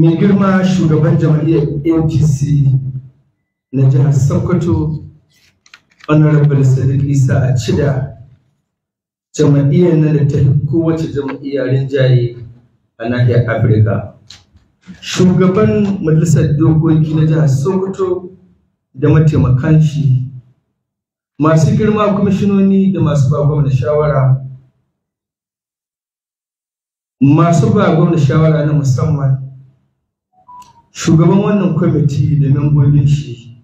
mai girma shugaban jam'iyyar apc na jihar sokoto honorable sadiq isa a cida jam'iyyar na da ta kowace jam'iyya rinjaye a nahiyar afirka shugaban majalisar dokoki na jihar sokoto da mataimakan masu girma kwamishinoni da masu bagwam da shawara masu ba gwamna shawara na musamman shugaban wannan kwamiti da membobin shi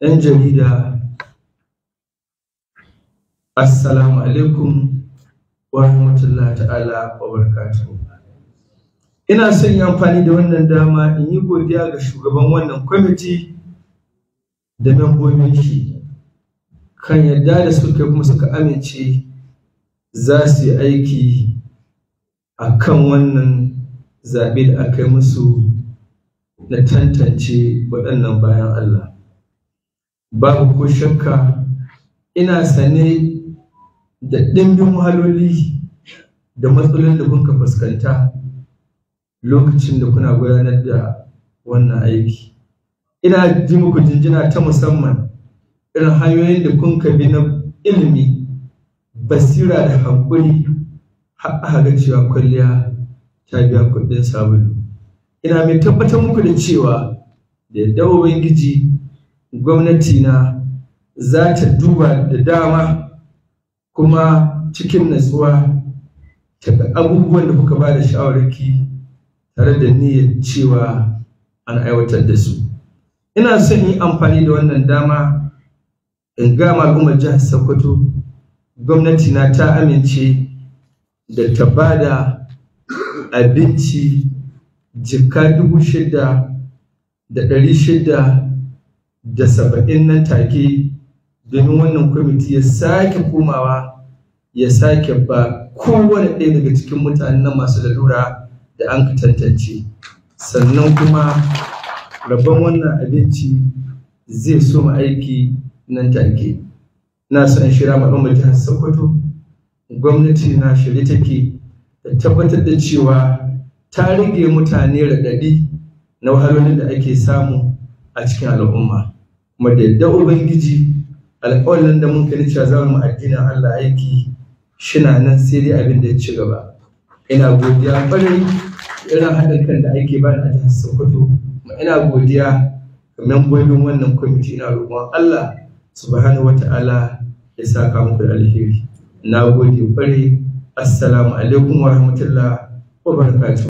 yan jarida assalamu alaikum wa rahmatullahi ta'ala wa barakatuhu ina son yi amfani da wannan dama in yi godiya ga shugaban wannan kwamiti da membobin shi kan yadda da suka kuma suka amince za su yi aiki a kan wannan zaɓe da aka yi musu na tantance waɗannan bayan Allah. Babu ko shakka ina sane da ɗimbin wahaloli da matsalolin da kuka fuskanta lokacin da kuna gudanar da wannan aiki. Ina ji muku jinjina ta musamman irin hanyoyin da kuka bi na ilimi, basira da haƙuri har aka cewa kwalliya ta biya kuɗin sabulu ina mai tabbatar muku da cewa da yadda ubangiji gwamnati na za ta duba da dama kuma cikin natsuwa ta abubuwan da kuka ba da shawararki tare da niyyar cewa an aiwatar da su ina son yi amfani da wannan dama in gama al'ummar jihar sokoto gwamnati na ta amince da ta ba da abinci jika dubu shida da ɗari shida da saba'in nan take domin wannan kwamiti ya sake komawa ya sake ba kowane ɗaya daga cikin mutanen nan masu lalura da an tantance sannan kuma rabon wannan abinci zai so aiki nan take na san shira maɗan jihar sokoto gwamnati na shirye take da tabbatar da cewa ta rage mutane raɗaɗi na wahalolin da ake samu a cikin al'umma kuma da yadda ubangiji alƙawarin da mun kani cewa za mu addinin allah aiki shina nan sai dai abin da ya ci gaba ina godiya ƙwarai irin haɗin kan da ake bani a jihar sokoto ina godiya ga membobin wannan kwamiti ina roƙon allah subhanahu wata'ala ya saka muku alheri na gode fari assalamu alaikum wa rahmatullah wa barakatuh